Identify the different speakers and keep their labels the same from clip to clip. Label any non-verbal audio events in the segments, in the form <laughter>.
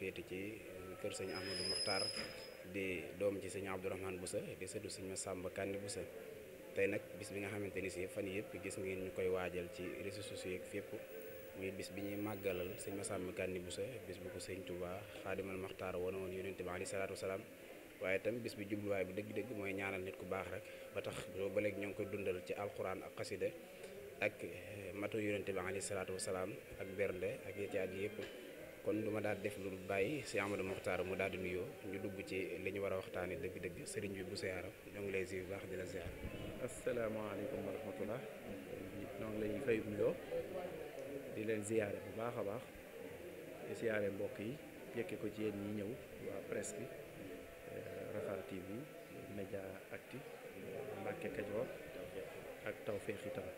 Speaker 1: féete ci euh, kër sëñ Ahmadou Mokhtar di doom ci sëñ Abdourahmane Boussa di sëddu ma Massamba Kandi Boussa tey nag bis bi nga xamante ni si fan yëpp gis ngeen ñu koy waajal ci réseaux sociaux yeeg fépp muy bis bi ñuy màggalal sëñ Massamba Kandi Boussa bis bu ko sëñ Touba Xaadimal Mokhtar wane woon yonente bi alayhi salaatu wasalaam waaye itam bis bi jubluwaay bi dëgg-dëgg mooy ñaanal nit ku baax rek ba tax ba léegi ñoo ngi koy dundal ci al alxuraan ak xasida ak euh, matu yonente bi alayhi salaatu wasalaam ak bernde ak yéti kon du ma daal def lu bàyyi si Amadou Mokhtar mu daal di ñu dugg ci li ñu war a waxtaanee dëgg-dëgg sëriñ bi bu siyaara ñoo ngi lay si bu baax di la ziar. asalaamaaleykum wa rahmatulah ñoo ngi lay fay nuyoo di leen ziare bu
Speaker 2: baax a baax di ziare mbokk yi jëkke ko ci yéen ñëw waa presse bi eh, Rafah TV Média Actu Kajoor ak Tawfekh itam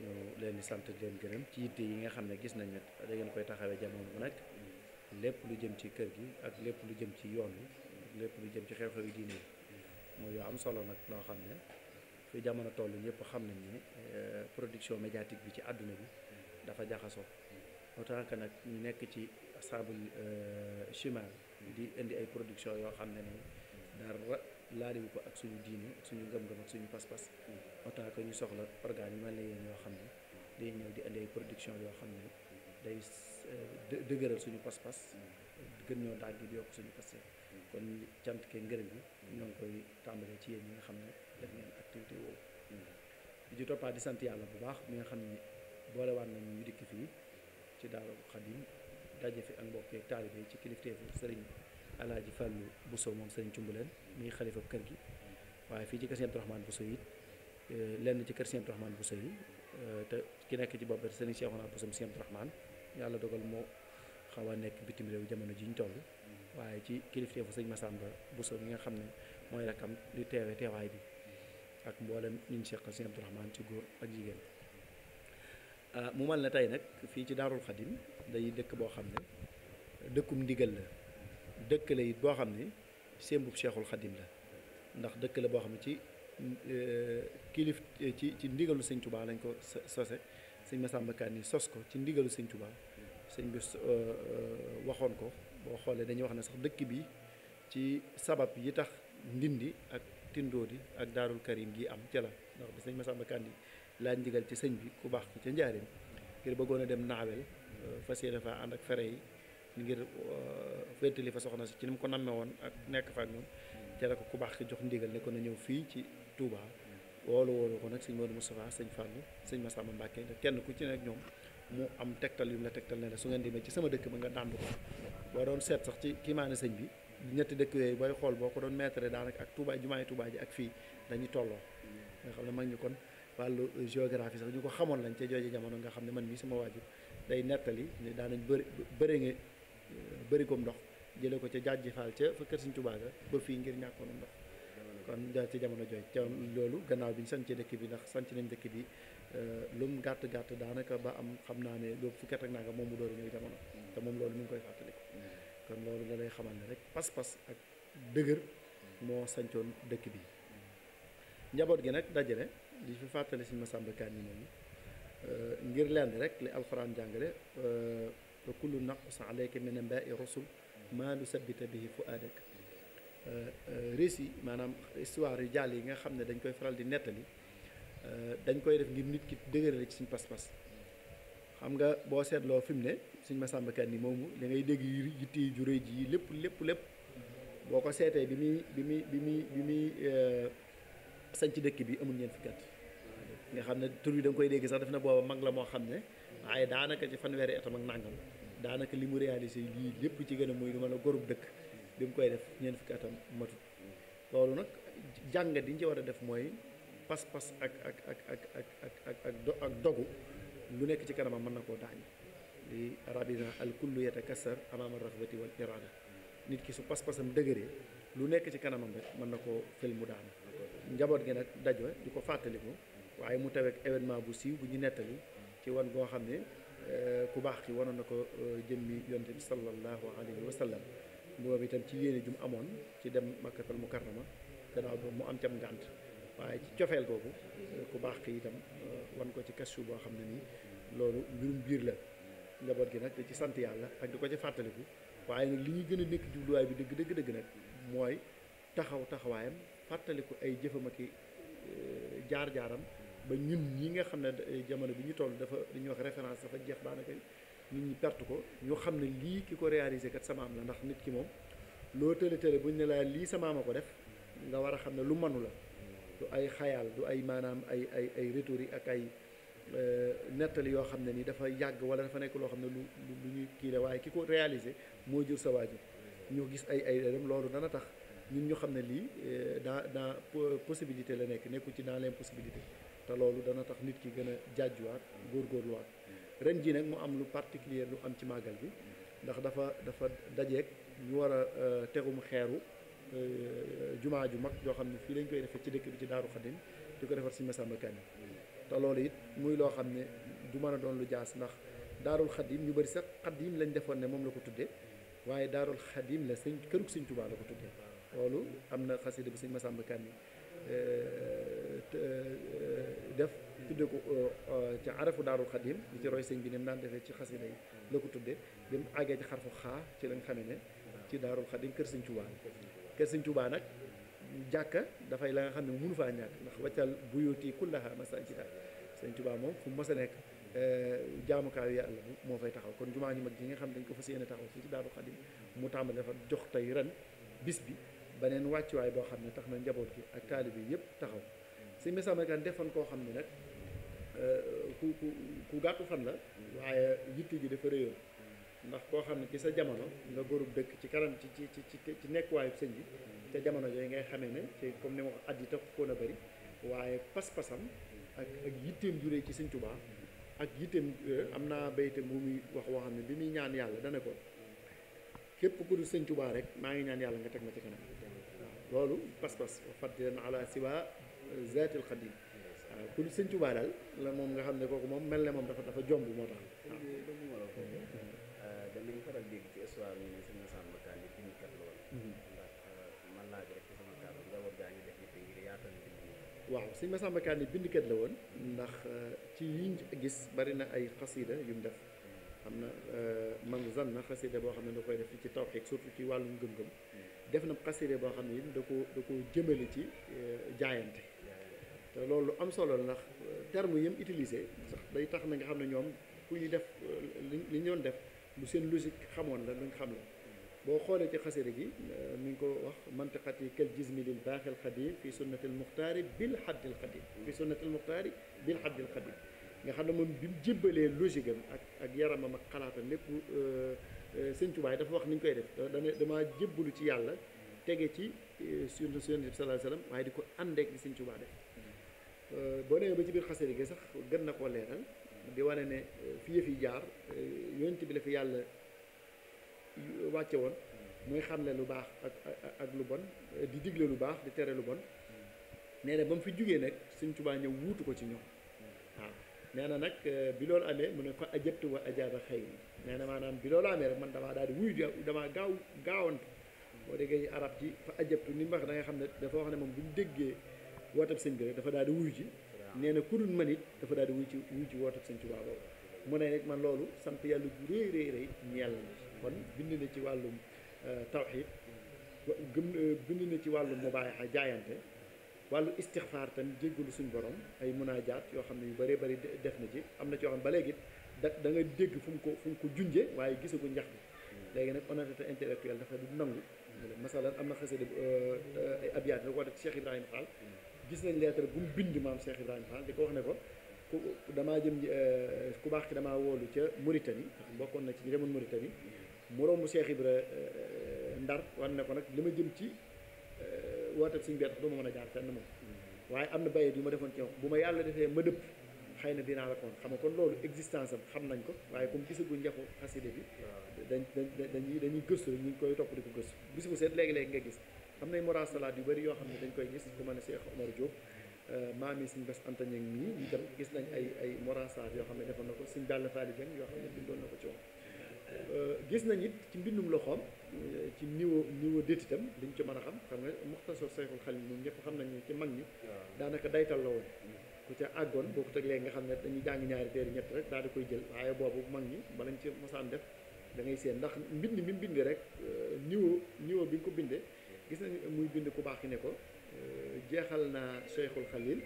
Speaker 2: ñu leen di sant leen gërëm ci yitte yi nga xam ne gis nañ ne da koy taxawee jamono bu nekk lépp lu jëm ci kër gi ak lépp lu jëm ci yoon wi lépp lu jëm ci xew-xewi yi mooy yoo am solo nag loo xam ne jamono toll ñëpp xam nañ ne eh, production médiatique bi ci àdduna bi dafa jaxasoo autant nag ñu nekk ci sable eh, chimal di indi ay production yoo xam ne ni dara laaliwu ko ak suñu diine suñu ngëm-ngëm ak suñu pas-pas autant que ñu soxla organe yu mel ne yéen yoo xam ne day ñëw di indi ay production yoo xam ne day euh, dëgëral suñu pas-pas gën ñoo daaj di yokk suñu passé kon cant ke ngërëm bi ñoo ngi koy tàmbalee ci yéen ñi nga xam ne def ngeen activité woowu di ci toppaat di sant yàlla bu baax mi nga xam ne boolewaat nañ ñu dikk fii ci Daaru Xadim daje fi ak mbokk yeeg taalibe yi ci kilifteefu sëriñ Alaaji Fàllu Bousso moom sëriñ Cumbuleen muy xalifa kër gi waaye fii ci Kër Abdourahmane Bousso it Euh, lenn ci kër Sëñ Abdou bu Bousso yi euh, te ki nekk ci bopp Sëriñ Cheikhouna Bousso Sëñ Abdou Rahmane yàlla dogal moo xaw a nekk bitim réew jamono ji ñu toll waaye ci kilifteefu sëñ Massamba Bousso mi nga xam ne mooy rakam di teewe teewaay bi ak mboolem ñu ñu
Speaker 3: seqal Sëñ Abdou ci góor ak jigéen euh, mu mel ne tey nag fii ci Daarul Xadim day dëkk boo xam ne dëkkum ndigal la dëkk la it boo xam ne sémbub Cheikhul Xadim la ndax dëkk la boo xam ne ci Euh, kilif euh, ci ci ndigalu sëñ Touba lañ ko sose sëñ Massamba Kanni sos ko ci ndigalu sëñ Touba sëñ bi euh, waxoon ko boo xoolee dañuy wax ne sax dëkk bi ci sabab yi tax ndindi ak tindoodi ak daarul karim gi am ca la ndax bi sëñ Massamba Kanni laaj ndigal ci sëñ bi ku baax ci ca njaarim ngir bëggoon a dem naawel fas yéene ànd ak fere yi ngir féetali fa soxna si ci ni mu ko namme woon ak nekk fa ak ca la ko ku baax ki jox ndigal ne ko na ñëw fii ci Touba woolu woolu ko nag sëñ Modou Moustapha sëñ Fallou sëñ Massamba Mbacke te kenn ku ci nekk ñoom mu am tegtal yu mu la tegtal ne la su ngeen demee ci sama dëkk ba nga dànd ko boo doon seet sax ci kiimaane sëñ bi ñetti dëkk yooyu booy xool boo ko doon mettre daanaka ak Touba jumaay Touba ji ak fii dañuy tolloo nga xam ne mag ñu kon wàllu géographie sax ñu ko xamoon lañ ca jooju jamono nga xam ne man mii sama waajur day nettali ne daanañ bëri bëri nga bëri comme ndox jële ko ca jàjji faal ca fa kër Sëriñ Tuubaa ga ba fi ngir ñàkkoonu ndox kon jaar ci jamono jooju te loolu gannaaw bi ñu sancee dëkk bi ndax sanc nañ dëkk bi eh, lu mu gàtt gàtt daanaka ba am xam naa ne loolu fukki at ak moom mu dooru ñëw jamono te moom loolu mu ngi koy fàttaliku kon loolu da lay xamal ne rek pas-pas ak dëgër moo sancoon dëkk bi njaboot gi nag dajale li fi fàttali si Masamba Kan yi noonu eh, ngir lenn rek li alxuraan jàngale fa na naqus alayka min anbaa'i rusul maa bi sabita bihi fuaadak euh, euh, récit maanaam histoire yu jàll yi nga xam ne dañ koy faral di nettali euh, dañ koy def ngir nit ki dëgërale ci suñ pas-pas xam nga boo seetloo fi mu ne suñ Masamba Kanni moomu da ngay dégg yi yitte yi ju rëy ji lépp lépp lépp boo ko seetee bi muy bi muy bi muy bi muy sañc dëkk bi amul ñeent fukki at nga xam ne tur bi da koy dégg sax def na booba mag la moo xam ne waaye daanaka ci fanweeri atam ak nàngam daanaka li mu réalisé lii lépp ci gën a muy lu ma la gorub dëkk bi mu koy def ñeent fukki atam matut loolu nag jàngat yi ñu war a def mooy pas-pas ak ak ak ak ak ak ak dogu lu nekk ci kanamam mën na koo daañu li arab yi al kullu yatakassar amaama wal irada nit ki su pas-pasam dëgëree lu nekk ci kanamam rek mën na koo fël mu daanu njaboot gi nag dajwa di ko fàttaliku waaye mu taweek événement bu siiw bu ñu nettali ci wan goo xam ne Euh, ku baax ki wanoon na ko euh, jëmmi yonte bi sallallahu alayhi wa sallam boobu itam ci yéene jum amoon ci dem makkatal mukarrama gannaaw boobu mu am cam ngànt waaye ci cofeel googu euh, ku baax ki itam wan ko ci kasu boo xam ne nii loolu mbirum biir la njaboot gi nag di ci sant yàlla ak di ko ci fàttaliku waaye nag li ñuy gën a nekk jubluwaay bi dëgg dëgg dëgg nag mooy taxaw taxawaayam fàttaliku ay jëfam ak i jaar-jaaram ba ñun ñi nga xam ne jamono bi ñu toll dafa li wax référence dafa jeex daanaka nit ñi perte ko ñu xam ne lii ki ko réalisé la ndax nit ki moom loo tële tële buñ ne laa lii sa maam ko def nga war a xam ne lu manu la ay xayaal du ay maanaam ay ay ay retours ak ay euh, nettali yoo xam ne ni dafa yàgg wala dafa nekk loo xam ne lu lu ñuy kii waaye ki ko réalisé moo jur sa waajur ñoo gis ay ay dem loolu dana tax ñun ñu xam ne lii euh, dans dans possibilité la nekk nekku ci dans possibilité te loolu dana tax nit ki gën a jàjjuwaat góorgóorluwaat ren jii nag mu am lu particulier lu am ci màggal bi ndax dafa dafa dajeeg ñu war a e, tegum xeeru e, jumaa ju mag joo xam ne fii lañ koy defee ci dëkk bi ci Daaru Xadim di ko defar si Massamba Kanni te loolu it muy loo xam ne du mën a doon lu jaas ndax Daarul Xadim ñu bëri sax Xadim lañ defoon ne moom la ko tuddee waaye Daarul Xadim la sëñ kërug sëñ Tuubaa la ko tuddee loolu am na xasida bu sëñ Massamba e, def tudde ko euh, euh, ca arafu daarul xadim di ci roy sëñ bi ni mu daan defee ci xasida yi la ko tudde bi mu àggee ci xarfu xaa ci lañ xamee ne ci daarul xadim kër sëñ Tuubaa kër sëñ Tuubaa nag jàkka dafay la nga xam ne mënu faa ñàkk ndax waccal buyuti kullaha masajida sëñ Tuubaa moom fu mu mës a nekk euh, jaamukaayu yàlla moo fay taxaw kon jumaa ñu mag ji nga xam ne dañ ko fas yéene taxaw si ci daarul xadim mu tàmbale fa jox tey ren bis bi beneen wàccuwaay boo xam ne tax na njaboot gi ak taalibe yëpp taxaw sëñ Masamba Kan defoon koo xam ne nag euh, ku ku ku gàttu fan la waaye yitte ji dafa réyoon ndax koo xam ne ci sa jamono nga góorub dëkk ci kanam ci ci ci ci nekkuwaayu sëñ bi ca jamono yooyu ngay xamee ne ci comme ni ma ko at yi tax koon a bari waaye pas-pasam ak ak yitteem juree ci sëñ Tuubaa ak yitteem euh, am naa bayte mu muy wax woo xam ne bi muy ñaan yàlla dana ko képp ku du sëñ Tuubaa rek maa ngi ñaan yàlla nga teg ma ci kanam waaw loolu pas-pas faddilan ala siwa zaatil xadim
Speaker 1: waaw euh,
Speaker 3: ku sëñ Tuubaa daal la moom nga xam ne kooku moom mel ne moom dafa dafa jomb moo tax
Speaker 1: danañ faral dégg ci histoire ñu ne sëñ Massamba Kanni man laaj rek ci sama kàddu njaboot gaa ngi
Speaker 3: bind waaw la woon ndax euh, ci yiñ gis bari na ay xasida yu mu def xam na euh, man zan na xasida boo xam ne da koy def ci tawxiid surtout ci wàllum gëm-gëm def na xasida boo xam ne da ko da ko jëmale ci jaayante loolu am solo la ndax euh, terme yi mu sax day tax na nga xam ne ñoom kuy def euh, li ñu doon def bu seen logique xamoon la lu ñu xam la boo xoolee ci xasida gi euh, mi ngi ko wax mantiqat yi kal jismi lil baaxil xadim fi sunnatil muxtaari bil xaddil xadim fi sunnatil muxtaari bil xaddil xadim nga xam ne moom bi mu jébbalee logique am ak ak yaramam ak xalaatam lépp sëñ Tuubaa dafa wax ni ñu koy def dama damaa jébbalu ci yàlla tege ci sunna Yonent bi waaye di ko àndeek li sëñ Euh, boo demee ba ci biir xasida gi sax gën na koo leeral di wane ne euh, fi yëf yi jaar euh, yonent bi la fi yàlla wàcce woon muy xamle lu baax ak ak lu bon di digle lu baax di tere lu bon nee ba mu fi jugee nag Sëñ Tuubaa ñëw wuutu ko ci ñoom waaw nee na nag bi loolu amee mu ne fa ajabtu wa ajaaba xëy nee na maanaam bi loolu amee rek man damaa daal di wuyu damaa gaaw gaawantu boo déggee arab ji fa ajabtu ni mu wax da nga xam ne dafa wax ne moom bi ñu déggee wootab sëñ bi rek dafa daal di wuyu ji nee na ku dul man it dafa daal di wuyu ci wuyu ci wootab sëñ Tuubaa boobu mu ne rek man loolu sant yàlla bu rëy rëy rëy ñeel na kon bind na ci wàllum euh, tawxiid gëm euh, bind na ci wàllum mubaayaxa jaayante wàllu istixfaar tam jéggalu suñ borom ay munaajaat yoo xam ne yu bëree bëri def na ci am na ci yoo xam ne ba léegi da da nga dégg fu ko fu ko junje waaye gisagu njax bi léegi nag honnêteté intellectuelle dafa du nangu mm. masalan am na xasida euh, ay abiyaat rek woo def Cheikh Ibrahima Fall mm. gis nañ lettre bu mu bind maam Cheikh Ibrahima Fall di ko wax ne ko ku damaa jëm eh, ku baax ki damaa woolu ca Mauritanie bokkoon na ci ñu demoon Mauritanie mu romb Cheikh Ibra eh, Ndar wan ne ko nag li ma jëm ci eh, woote suñu biir du ma mën a jaar fenn moom waaye am na bayit yu ma defoon ci yow bu ma yàlla defee ma dëpp xëy na dinaa la koon xam nga kon loolu existence am xam nañ ko waaye comme gisaguñ njaxu xaside bi dañ dañ dañuy dañuy gëstu ñu ngi koy topp di ko gëstu bis bu seet léegi-léegi nga gis am nay muraasalaat yu bëri yoo xam ne dañ koy gis ku ma ne Cheikh Omar Diop euh, maam yi suñ bés antañeg mii itam gis nañ ay ay muraasalaat yoo xam ne defoon na ko suñ dàll faali jën yoo xam na ko ci euh, gis nañ it ci mbindum loxoom euh, ci niveau niveau déet itam ci mën a xam xam nga muxtasar Sayxul Xaliil ñun ñëpp xam nañu ci mag ñi daanaka daytal la ku ca àggoon boo ko teg léegi nga xam ne dañuy jàng ñaari téere ñett rek daal di koy jël waaye boobu mag ñi bala ñu ci mosaan def da ngay seen ndax mbind mi mbind rek niwo niveau bi nga ko bindee gis nañu muy bind ku baax ki ne ko euh, jeexal naa Cheikhul Khalil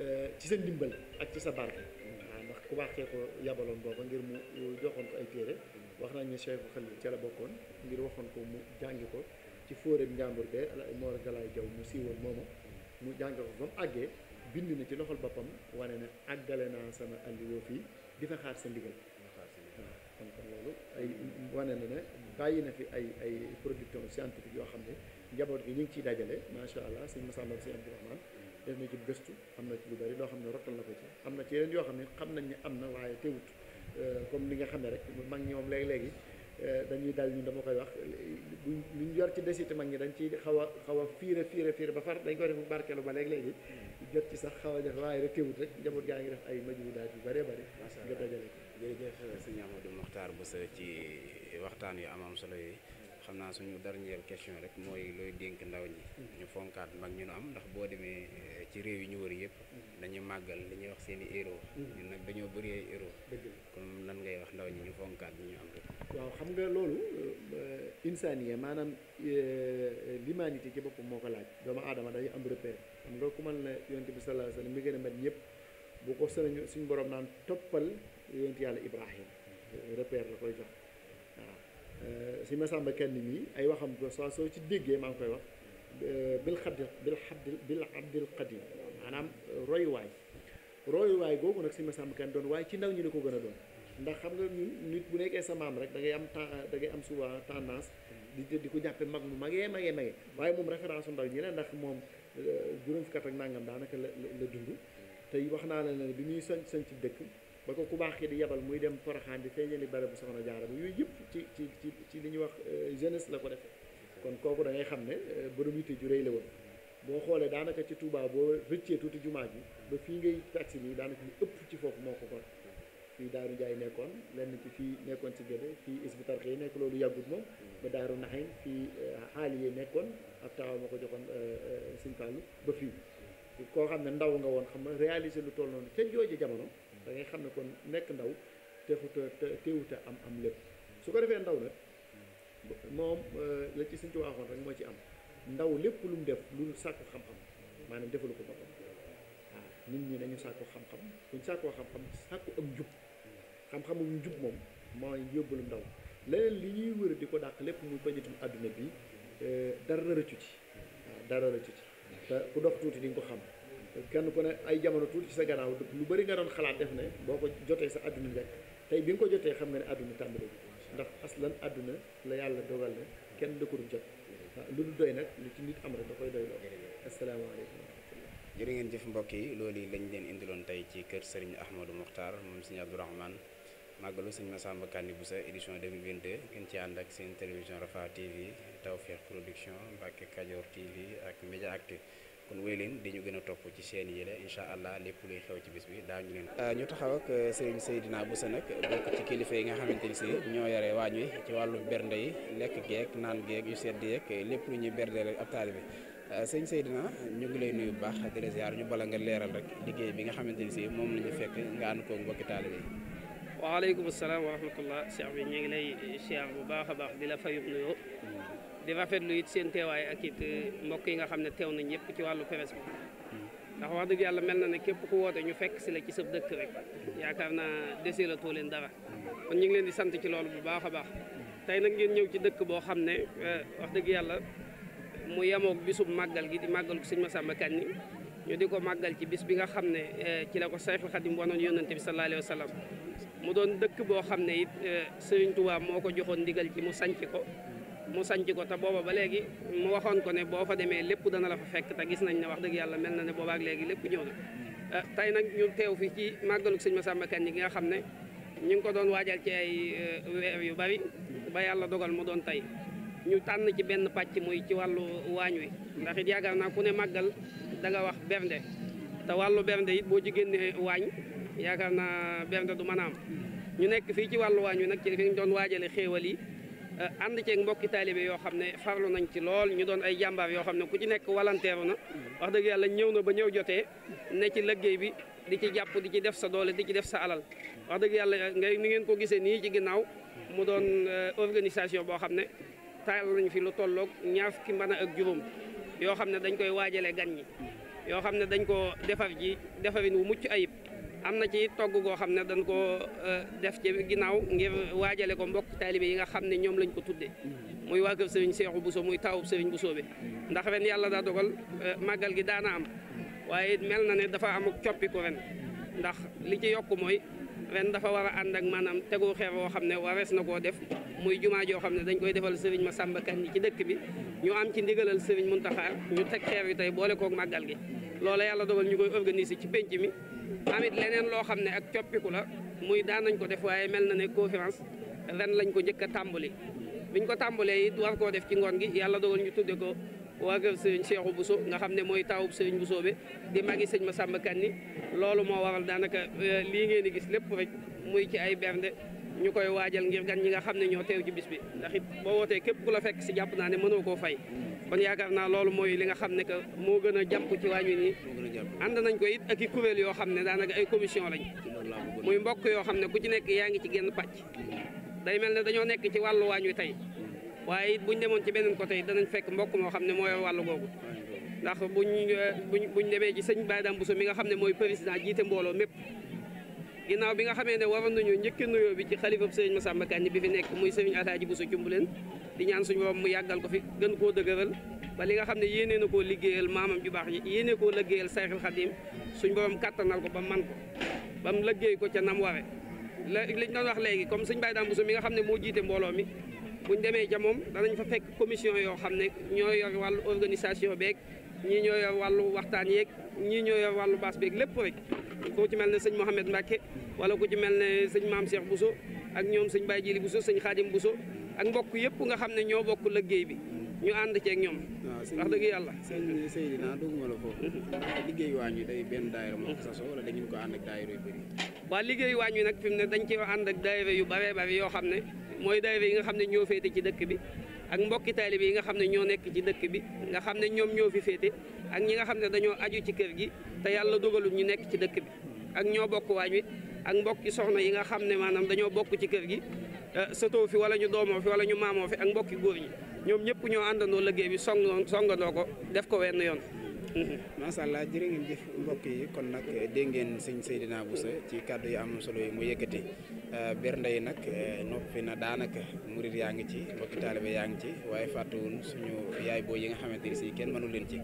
Speaker 3: euh, ci sa ndimbal ak ci sa barke waaw ah, ndax ku baax ko yabaloon booba ngir mu joxoon ko ay téere wax nañ ne Cheikhul Khalil ca la bokkoon ngir waxoon ko mu jàngi ko ci fóoreeb njàmbur bee Mor Galaay Jaw mu siiwoon moomu mu jàngi ko ba mu àggee bind na ci loxol boppam wane ne àggale naa sama alliwoo fii di fa xaar sa ndigal kon ay wane na ne bàyyi na fi ay ay production scientifique yoo xam ne njaboot gi ñu ngi ciy dajale macha allah si Masamba sëñ Abdou Rahman gëstu am na ci lu bëri loo xam ne rottal na ko ci am na ci yoo xam ne xam nañ ni am na waaye teewut euh, comme li nga xam ne rek mag ñi moom léegi-léegi euh, dañuy dal ñu dama koy wax lu ñu yor ci desiti mag ñi dañ ci xaw a xaw a fiire fiire fiire ba far dañ koy def bu barkeelu ba léegi léegi jot ci sax xaw a def waaye rek teewut rek njaboot gaa ngi def ay maju daal yu bëree bëri nga dajale
Speaker 1: jërëjëf sëñ Amadou Mokhtar Bousso ci waxtaan yu amam solo yi xam naa suñu dernière question rek mooy looy dénk ndaw ñi ñu fonkaat mag ñu am ndax boo demee eh, ci réew yi ñu wër yëpp dañu màggal li wax seen i héros nag dañoo bëri ay héros kon lan ngay wax ndaw ñi ñu fonkaat li ñu am rek
Speaker 3: waaw xam nga loolu eh, insaniya maanaam eh, l'humanité ci boppam moo ko laaj doomu aadama day am repère xam nga ku mën na yonent bi sallallahu alayhi wa sallam mi mat ñëpp bu ko sëriñ suñu borom naan toppal yonent yàlla Ibrahim repère la koy jox waaw euh, si Masamba kenn mii ay waxam ko soo soo ci déggee maa ngi koy wax euh, bil xaddil bil xaddil bil abdil qadim maanaam royuwaay royuwaay googu nag si Masamba kenn doon waaye ci ndaw ñi la ko gën a doon ndax xam nga ñun nit bu nekkee sa maam rek da ngay am ten da ngay am souvent tendance di di ko jàppe mag mu magee magee magee waaye moom référence ndaw ñi la ndax moom euh, juróom fukk at ak nangam daanaka la la dund tey wax naa la ne bi ñuy sañ sañ ci dëkk ba ko ku baax ki di yebal muy dem poroxaan di feeñali barabu a jaara bu yooyu yëpp ci ci ci ci li ñuy wax euh, jeunesse la ko defee kon kooku da ngay xam ne euh, borom ju rëy la woon boo xoolee daanaka ci Touba boo rëccee tuuti jumaa ji ba fii ngay taxi nii daanaka ñu ëpp ci foofu moo ko kon fii daaru Njaay nekkoon lenn ci fii nekkoon ci Gédé fii Hizbut Tarqiyyah nekk loolu yàggut moom ba daaru Naxin fii euh, xaali yi nekkoon ab taaw ma ko joxoon Sëñ Fallu ba fii koo xam ne ndaw nga woon xam nga réaliser lu toll noonu ca jooju jamono da ngay xam ne kon nekk ndaw texuta teewuta am am lépp su ko defee ndaw nag moom euh, la ci suñ ci waxoon rek moo ci am ndaw lépp lu mu def lu sàkku xam-xam maanaam defalu ko boppam waaw nit ñi dañu sàkku xam-xam buñ sàkkoo xam-xam sàkku ak njub xam-xamu njub moom mooy yóbbalu ndaw leneen li ñuy wër di ko dàq lépp muy bañatum àdduna bi euh, dara rëccu ci waaw dara rëccu ci te ku dox tuuti di ko xam kenn ko ne ay jamono tuuti ci sa gannaaw lu bari nga doon xalaat def ne boo ko jotee sa àdduna njëkk tey bi nga ko jotee xam nga ne àdduna bi ndax aslan àdduna la yàlla dogal na kenn da ko du jot waaw lu doy nag li ci nit am rek da koy doy loo
Speaker 1: ngeen jëf mbokk yi loolu yi lañ leen indiloon tey ci kër Serigne Ahmadou Mokhtar moom Serigne Abdourahmane màggalu sëñ Massamba Kanni Bousso édition 2022 ngeen ci ànd ak seen télévision Rafah TV Tawfekh Production Mbacke Kadior TV ak Mediaactu kon wéy leen di ñu gën a topp ci seen yile incha allah lépp luy xew ci bis bi daañu leen ah, ñu taxaw ak eh, sëriñ Seydina Bousso nag bokk ci kilifa yi nga xamante ni si ñoo yore waañ wi ci wàllu bernde yi lekk geeg naan geeg yu sedd yeeg eh, lépp lu ñuy bernde ab taalibe ah, sëñ Seydina ñu ngi lay nuyu bu baax di la ziar ñu bala nga leeral rek liggéey bi nga xamante ni si moom la ñu fekk nga ànd koog mbokki yi
Speaker 4: waaleykum salaam wa rahmatullah cheikh bi ñu ngi a di rafetlu it seen teewaay ak it euh, mbokk yi nga xam ne teew nañ yëpp ci wàllu presse bi ndax wax dëgg yàlla mel na ne képp ku woote ñu fekk si la ci sa dëkk rek yaakaar na desee la too leen dara kon ñu ngi leen di sant ci loolu bu baax a baax tey nag ngeen ñëw ci dëkk boo xam ne euh, wax dëgg yàlla mu yemoog bisub màggal gi di màggal ko sëñ Massamba Kanni ñu di ko màggal ci bis bi nga xam ne euh, ci la ko Sayxul Xadim wanoon yónnante bi sallallahu alayhi wa sallam mu doon dëkk boo xam ne it Sëriñ Tuubaa moo ko joxoon ndigal ci mu sanc ko mu sanc ko te booba ba léegi mu waxoon ko ne boo fa demee lépp dana la fa fekk te gis nañ ne wax dëgg yàlla mel na ne boobaak léegi lépp ñëw na mm. euh, tey nag ñu teew fi ci màggalu sëñ Massamba Kanni gi nga xam ne ñu ngi ko doon waajal ci ay euh, weer yu bari ba yàlla dogal mu doon tey ñu tànn ci benn pàcc muy ci wàllu waañ wi ndax it yaakaar naa ku ne màggal da nga wax bernde te wàllu bernde it boo jigéen génnee waañ yaakaar naa bernde du mën mm. ñu nekk fii ci wàllu waañ wi nag ci fi ñu doon waajale xéewal yi Euh, ànd ceeg mbokki taalibe yoo xam ne farlu nañ ci lool ñu doon ay jàmbaar yoo xam ne ku ci nekk walanteeru na wax dëgg yàlla ñëw na ba ñëw jotee ne ci liggéey bi di ci jàpp di ci def sa doole di ci def sa alal wax dëgg yàlla nga ni ngeen ko gisee nii ci ginnaaw mu doon euh, organisation boo xam ne taal nañ fi lu tolloog ñaar fukki mën ak juróom yoo xam ne dañ koy waajale gan ñi yoo xam ne dañ ko defar ji defarin wu mucc ayib am na ci togg goo xam ne dañ koo euh, def ci ginnaaw ngir waajale ko mbokk taalibe yi nga xam ne ñoom lañ ko tudde muy waa kër sëriñ Seexu Buso muy taawub sëriñ bu bi ndax ren yàlla daa dogal euh, màggal gi daana am waaye mel na ne dafa amuk coppiku ren ndax li ci yokk mooy ren dafa war a ànd ak maanaam tegu xeer woo xam ne warees na koo def muy jumaa joo xam ne dañ koy defal sëriñ Massamba Kanni ci dëkk bi ñu am ci ndigalal sëriñ Mountakha ñu teg xeer wi tey boole kook màggal gi loola yàlla dogal ñu koy organiser ci pénc mi amit leneen loo xam ne ak coppiku la muy daan nañ ko def waaye mel na ne conférence ren lañ ko njëkk a tàmbali biñ ko tàmbalee it war koo def ci ngoon gi yàlla dogal ñu tudde ko waa kër sëriñ Cheikhou Bousso nga xam ne mooy taawub sëriñ Bousso bi di magi sëñ Massamba Kanni loolu moo waral daanaka euh, lii ngeen di gis lépp rek muy ci ay bernde ñu koy waajal ngir gan ñi nga xam ne ñoo teew ci bis bi ndax boo wootee képp ku la fekk si jàpp naa ne mënoo koo fay kon yaakaar naa loolu mooy li nga xam ne que moo gën a jàmp ci waañ wi nii ànd nañ ko it ak i kuréel yoo xam ne daanaka ay commission lañ muy mbokk yoo xam ne ku ci nekk yaa ngi ci genn pàcc mm. day mel ne dañoo nekk ci wàllu waañ wi tey waaye it buñ demoon ci beneen côté yi danañ fekk mbokk moo xam ne mooy wàllu googu ndax buñ buñ buñ demee ci sëñ Baye Dame Bousso mi nga xam ne mooy président jiite mbooloo mépp ginnaaw bi nga xamee ne waroon nañu njëkki nuyoo bi ci xalifa sëriñ Massamba Kanni bi nekk muy sëriñ Alaaji Bousso Cumbuleen di ñaan suñu borom mu yàggal ko fi gën koo dëgëral ba li nga xam ne yéenee na koo liggéeyal maamam ju baax ji yéenee koo liggéeyal Sayxul Xadim suñu borom kattanal ko ba man ba mu ko ca nam ware la liñ doon wax léegi comme sëñ Baye Dame mi nga xam ne moo jiite mbooloo mi buñ demee ca moom danañ fa fekk commission yoo xam ne ñoo yor wallu organisation beeg ñii ñoo yor wàllu waxtaan yeeg ñii ñoo yor wàllu baas beeg lépp rek ku ci mel ne sëñ Mouhamed Mbacke wala ku ci mel ne sëñ Maam bu Bousso ak ñoom sëñ bu Jili Bousso sëñ bu Bousso ak mbokk yëpp nga xam ne ñoo bokk liggéey bi ñu ànd ceeg ñoom.
Speaker 1: wax dëgg yàlla sëñ Seydina dugguma la foofu. Mm-hmm. liggéey waañ wi day benn wala
Speaker 4: dañu ko waa liggéey waañ wi nag fi mu ne dañ cee ànd ak daayira yu baree bari yoo xam ne mooy daayira yi nga xam ne ñoo féete ci dëkk bi ak mbokki taalibe yi nga xam ne ñoo nekk ci dëkk bi nga xam ne ñoom ñoo fi féete ak ñi nga xam ne dañoo aju ci kër gi te yàlla dogalul ñu nekk ci dëkk bi ak ñoo bokk waañ wi ak mbokki soxna yi nga xam ne maanaam dañoo bokk ci kër gi eh, sëtoo fi wala ñu doomoo fi ñu maamoo fi ak mbokki góor ñi ñoom ñëpp ñoo àndandoo liggéey bi song songandoo ko def ko wenn yoon
Speaker 1: macha allah jërë jëf mbokk yi kon nag dégg ngeen sëñ Seydina Bousso ci kàddu yu am solo yi mu yëkkati euh, bernde yi nag euh, noppi na daanaka murit yaa ngi ci mbokki taalibe yaa ngi ci waaye fàttewul suñu yaay boo yi nga xamante ni si kenn mënu leen ci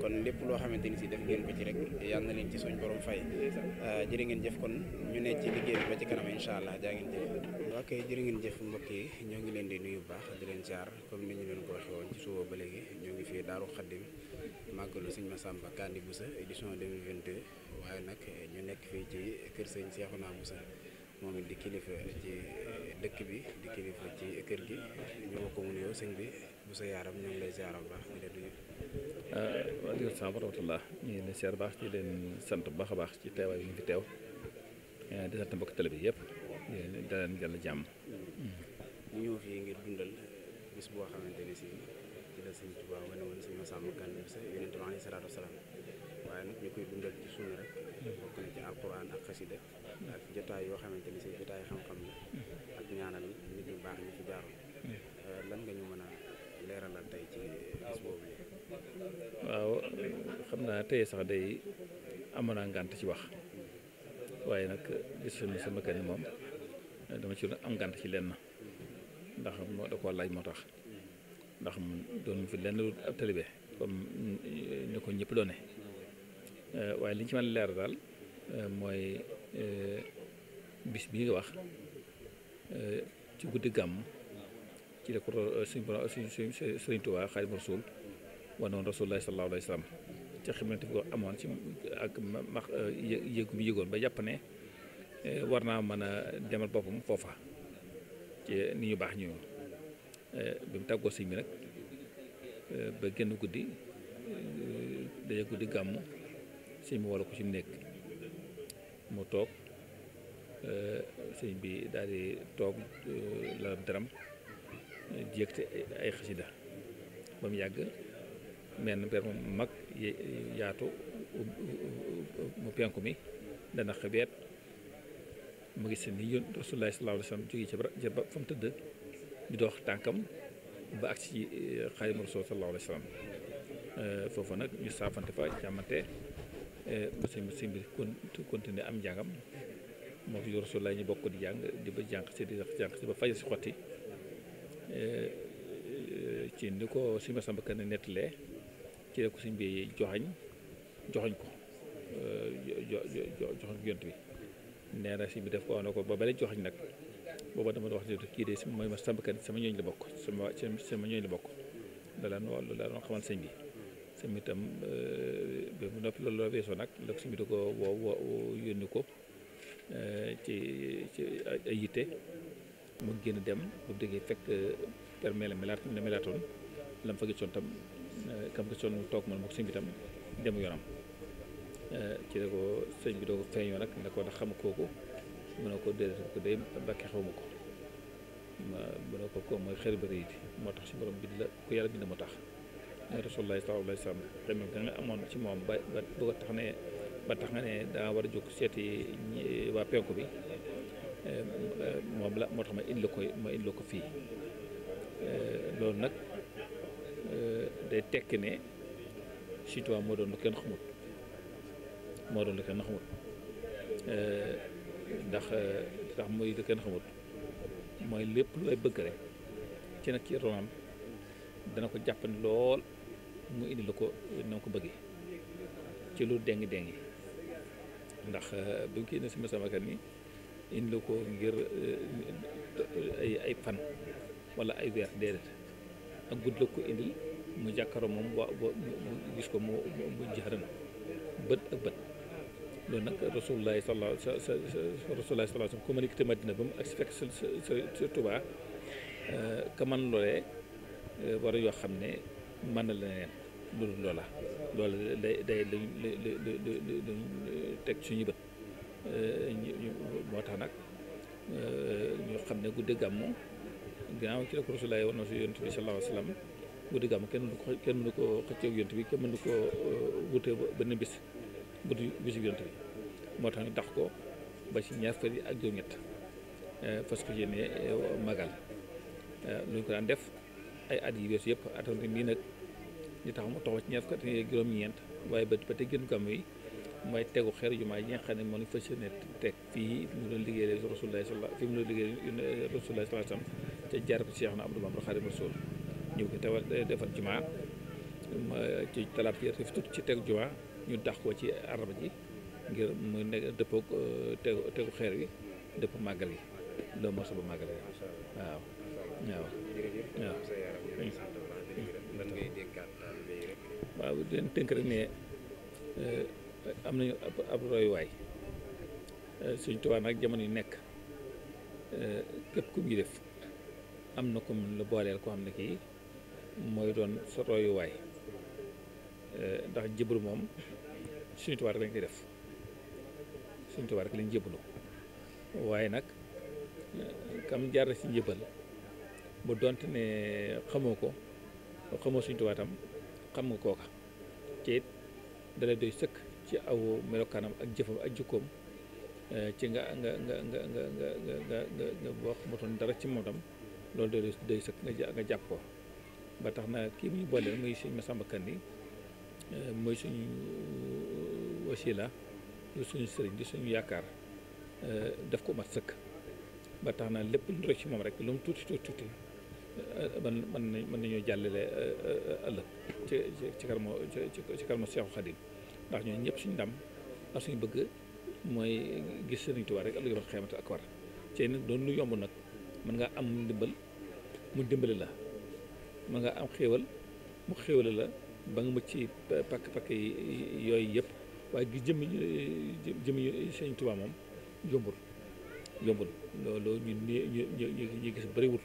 Speaker 1: kon lépp loo xamante ni si def ngeen ko ci rek yal na leen ci suñ borom fay euh, jërë ngeen jëf kon ñu ne ci liggéey bi ba allah jaa ngeen jëf ok jërë ngeen jëf yi ñoo ngi leen di nuyu baax di leen jaar comme ni ñu leen ko waxee woon ci suba ba léegi ñoo ngi fii Daaru Xaddim màggalu sëñ Massamba Kandi Bousso édition 2022 waaye nag eh, ñu nekk fii ci kër sëñ Cheikhouna Bousso moom it di kilifa ci eh, dëkk bi di kilifa ci kër gi ñu bokk mu nuyoo sëñ bi Bousso yaaram ñu ngi lay ziar bu baax di euh, leen
Speaker 5: nuyu. waaleykum baax ci leen sant bu baax a baax ci teewaay bi ñu fi teew euh, di sant mbokk télé bi yëpp di leen jàll jàmm.
Speaker 1: ñu ñëw fii ngir dundal bis boo xamante ne si. la sëñ Tuba ma ne woon sëñ Masamba Kanni Bousso yonent bi waaye nag ñu koy dundal ci sunna rek ci alquran ak xasida ak jotaay yoo xamante ni si jotaay xam-xam la ak ñaanal nit ñu baax ñu ci jaaroon euh, lan nga ñu mën a leeralal tey ci bis
Speaker 5: waaw xam naa tey sax day amoon naa ci wax waaye nag bis sëñ Masamba Kanni moom dama ci am ngànt ci lenn ndax moo da ko laaj moo tax ndax mu doon fi lenn lu ab talibe comme ni ko ñëpp doone euh, waaye li ci mën leer daal euh, mooy euh, bis bi nga wax ci guddi gàmm ci la ko suñ borom suñ suñ sëriñ Tuubaa Xaadimu Rasuul wa noonu Rasulullaahi sallallaahu alayhi wa sallam ci xamante ko amoon ci ak ma yëgu bi yëgoon ba jàpp ne war naa mën a demal boppam foofa ci ni ñu baax ñu Eh, bi mu tàggoo sëñ bi nag eh, ba génn guddi eh, daje guddi gàmm sëñ bi wala ko ci nekk mu toog sëñ bi daal di toog la daram jéegte ay xasida ba mu yàgg mel na benn mag yaatu mu penku mi dana xebeet mu gis ni yoon Rasulullah sallallahu alayhi wa jóge ci ba fa mu tëdd di dox tànkam ba ak ci euh, xaadimu rasuul sallallaahu euh, foofu nag ñu saafante fa jàmmante euh, ba sëñ bi continuer am njàngam moo fi rasuul lay ñu bokk di jàng di ba jàng si di jàng si ba fajar si xotti ci ni ko sëñ Masamba Kan ne nettalee ci la ko sëñ bi joxañ joxañ ko joxañ ko yont bi nee na def ko wax na ko ba bale joxañ nag booba dama wax dëgg kii de mooy ma sàmmkat sama ñooñ la bokk sama sama ñooñ la bokk dalaan loolu laa doon xamal sëñ bi sëñ bi itam euh, ba mu noppi loolu la weesoo nag la sëñ ko woo woo yónni ko euh, ci ci mu génn dem bu mu déggee fekk permé la la melaatoon fa gisoon tam euh, kam gisoon toog man mook sëñ bi tam dem yoonam ci la ko sëñ bi doo ko feeñoo nag ne ko ndax xam kooku mu ne ko déedéet ko day mbàkke xaw ma ko mu ko ko mooy xel bëri moo tax si borom bi la ku yàlla bind moo tax ne rasulullah sallallahu alayhi wa sallam nga amoon ci moom ba ba ba tax ne ba tax nga ne daa war a jóg seeti waa penku bi eh, moom la moo tax ma indil koy ma indil ko fii eh, loolu nag eh, day tekki ne Siteu moo doon lu kenn xamut moo doon lu kenn xamut ndax tax eh, muy lu kenn xamut mooy lépp looy bëgg rek ci nag ci ronam dana ko jàppandi lool mu indi la ko na ko bëggee ci lu dengi dengi ndax eh, bi mu ko indi si masamakat ni indi la ko ngir eh, ay fan walla ay weer déedéet ak gudd la ko indi mu jàkkaaroo moom mu gis ko mu mu jaxaran bët ak bët loolu nag rasulullah sallallahu sa sa rasulullah sallallahu sallam ku ma dikkite madina ba mu ak si fekk sa sa sa tubaa euh, ka euh, war yoo xam ne mën na leneen loolu loola loolu day day luñ luñ teg suñu bët euh, moo tax nag ñu xam ne guddi gàmmu ginnaaw ci la ko rasulullah war na si yonent bi sallallahu alayhi wasallam guddi gàmmu kenn mënu ko kenn mënu ko xëcceeg yonent bi kenn mënu ko wute benn bis guddi bu si bi moo tax ñu tax ko ba ci ñaar fukki ak juróom-ñett eh, fas ko yéene eh, magal eh, ko daan def ay at yi weesu yëpp atam nii nag ñu tax mu taxaw ci ñaar fukki waaye ba ba tey gën gàmm yi mooy tegu xeer jumaa yi nga xam ne moo ñu fas yéene teg fii mu doon liggéeyal Rasulullah sallallahu fii mu doon liggéeyal Rasulullah sallallahu alayhi te jaar ko na Seexna Abdou Bamba Xaadimu Rasuul ñu ko tewal defar jumaa ci talaata yi ci teg jumaa ñu dax ko ci araba ji ngir mu nekk dëppoo euh, tegu xeer wi dëpp màggal yi loolu moo sabab màggal yi waaw waaw waaw leen tënk rek ne euh, am nañu ab royuwaay euh, suñ tubaab nag jamono yu nekk képp ku ñu def am na comme lu booleel koo xam ne kii mooy doon sa royuwaay Eh, ndax jëbbalu moom suñu tubaab rek lañ koy def suñu tubaab rek lañ jëbbalu waaye nag eh, kam jaar na si njëbbal bu dont ne xamoo ko xamoo suñu tubaab xam nga kooka ci it dalay doy sëkk ci aw melokaanam ak jëfam ak jikkoom eh, ci nga nga nga nga nga nga nga nga nga dara ci moom tam loolu doy doy nga nga jàpp ko ba tax na kii muy boole muy sëñ Masamba Kanni Euh, mooy suñu euh, wasila di suñu sëriñ di suñu yaakaar euh, daf ko mat sëkk ba tax na lépp lu rek ci moom rek lu mu tuuti tuuti tuuti man mën nañ mën nañoo jàllale ëllëg ci ci karmo ci karmo Seexu Xadim ndax ñooñu ñëpp suñu ndam ak suñu bëgg mooy gis sëriñ Tuubaa rek ëllëg yomat xeemat ak war cey nag doon lu yomb nag mën ngaa am ndimbal mu dimbali la mën ngaa am xéewal mu xéewale la ba nga mucc ci pakk pakk yooyu yëpp waaye gi jëmm jëmm sëñ Tuubaa moom yombul yombul loolu ñu ñu ñu gis bëriwul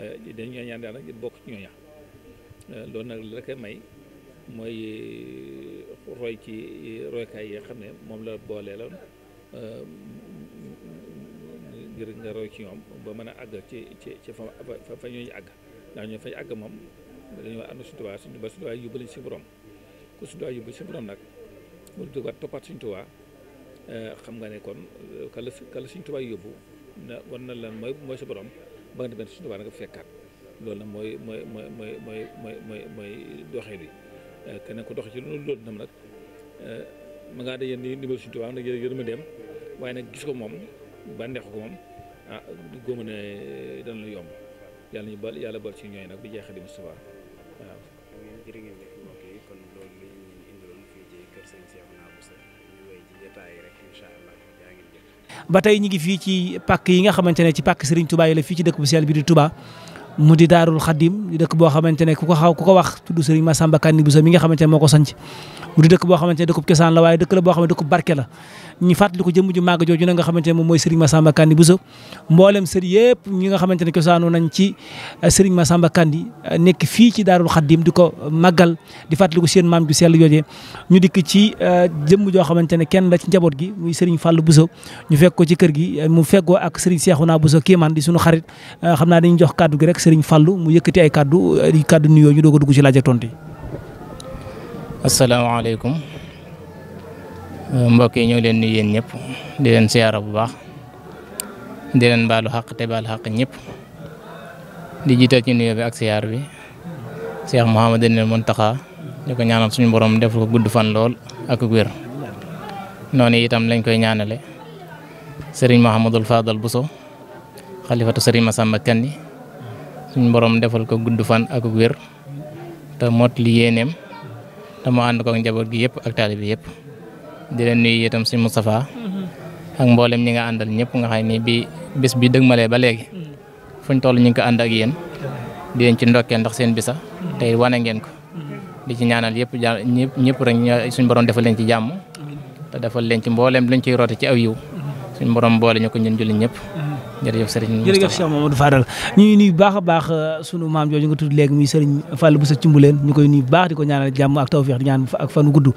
Speaker 5: eh, dañ ñoo ñaan daal nag bokk ci ñooña eh, loolu nag la koy may mooy eh, roy ci roykaay yi xam ne moom la boolee loon ngir nga roy ci ñoom ba mën a àgg ci ci ci fa fa ñooñu àgg ndax ñoo fay àgg moom dañuy wax am na suñu Tuubaa suñu ba suñu Tuubaa yóbbu lañ si borom ku suñu Tuubaa yóbbu si borom nag bul eh, xam nga ne kon kala kala suñu Tuubaa yóbbu na na lan mooy mooy sa borom ba nga demee suñu Tuubaa fekkaat loolu nag mooy mooy mooy mooy mooy mooy mooy mooy doxee bi eh, kenn ko doxe ci loolu loolu nam nag eh, ma ngaa da yéen ni ndimbal dem waaye nag gis ko moom ba ko moom ah góoma ne dana la yomb yàlla ñu bal yàlla bal ci ñooy nag bi jeexee di Moustapha waaw. yi
Speaker 1: kon ñu fii ci kër
Speaker 6: ngi fii ci pàkk yi nga xamante ne ci pàkk Serigne Touba yi la fii ci dëkk bu sell bi di Touba. mu di daarul xadim di dëkk boo xamante ne ku ko xaw ku ko wax tudd ma Massamba Kanni Bousso mi nga xamante ne moo ko sanc du dëkk boo xamante ne dëkkub cosaan la waaye dëkk la boo xam ne dëkkub barke la ñu fàttali ko jëmm ju màgg jooju na nga xamante ne moom mooy Serigne Massamba Kandi Bousso mboolem sër yëpp ñi nga xamante ne cosaanoo nañ ci euh, Serigne Massamba Kandi euh, nekk fii ci Daarul Xaddim di ko màggal di fàttaliku seen maam ju sell joojee ñu dikk ci euh, jëmm joo xamante ne kenn ci njaboot gi muy Serigne Fallou Bousso ñu fekk ko ci kër gi mu feggoo ak Serigne Cheikhouna Bousso Kéemaan di suñu xarit xam naa dañuy jox kàddu gi rek Serigne Fallou mu yëkkati ay kàddu kàddu nuyoo ñu doog a dugg ci laaj ak
Speaker 7: asalaamaaleykum mbokk yi ñoo leen nuyu yéen ñëpp di leen siyaara bu baax di leen baalu xaq te baal xaq ñëpp di jiital ci nuyoo bi ak siyaar bi Cheikh Mouhamadul Mountakha di ko ñaanal suñu borom def ko gudd fan lool ak wér noonu itam lañ koy ñaanale sëriñ Mouhamadul Fadal Bousso xalifatu sëriñ Massamba Kanni suñu borom defal ko gudd fan ak wér te mot li dama ànd ko ak njaboot gi yëpp ak taalib bi di leen nuyu itam si Moustapha ak mboolem ñi nga àndal ñëpp nga xam ni bi bis bi dëgmalee ba léegi fuñ toll ñu ko ànd ak yéen di leen ci ndokkeel ndax seen bisa tey wane ngeen ko di ci ñaanal yëpp ja ñëpp ñëpp rek suñ borom defal leen ci jàmm te defal leen ci mboolem luñ ciy roote ci aw yiw suñ borom boole ñu ko ñun jullit ñëpp jërëjëf Serigne Moustapha jërëjëf Cheikh Mamadou Fadal
Speaker 6: ñu ngi nuyu baax a baax euh, sunu maam jooju nga tudd léegi muy Serigne Fall bu sa cumbuleen ñu koy nuyu baax di ko ñaanal jàmm ak tawfeex di ñaan ak fanu gudd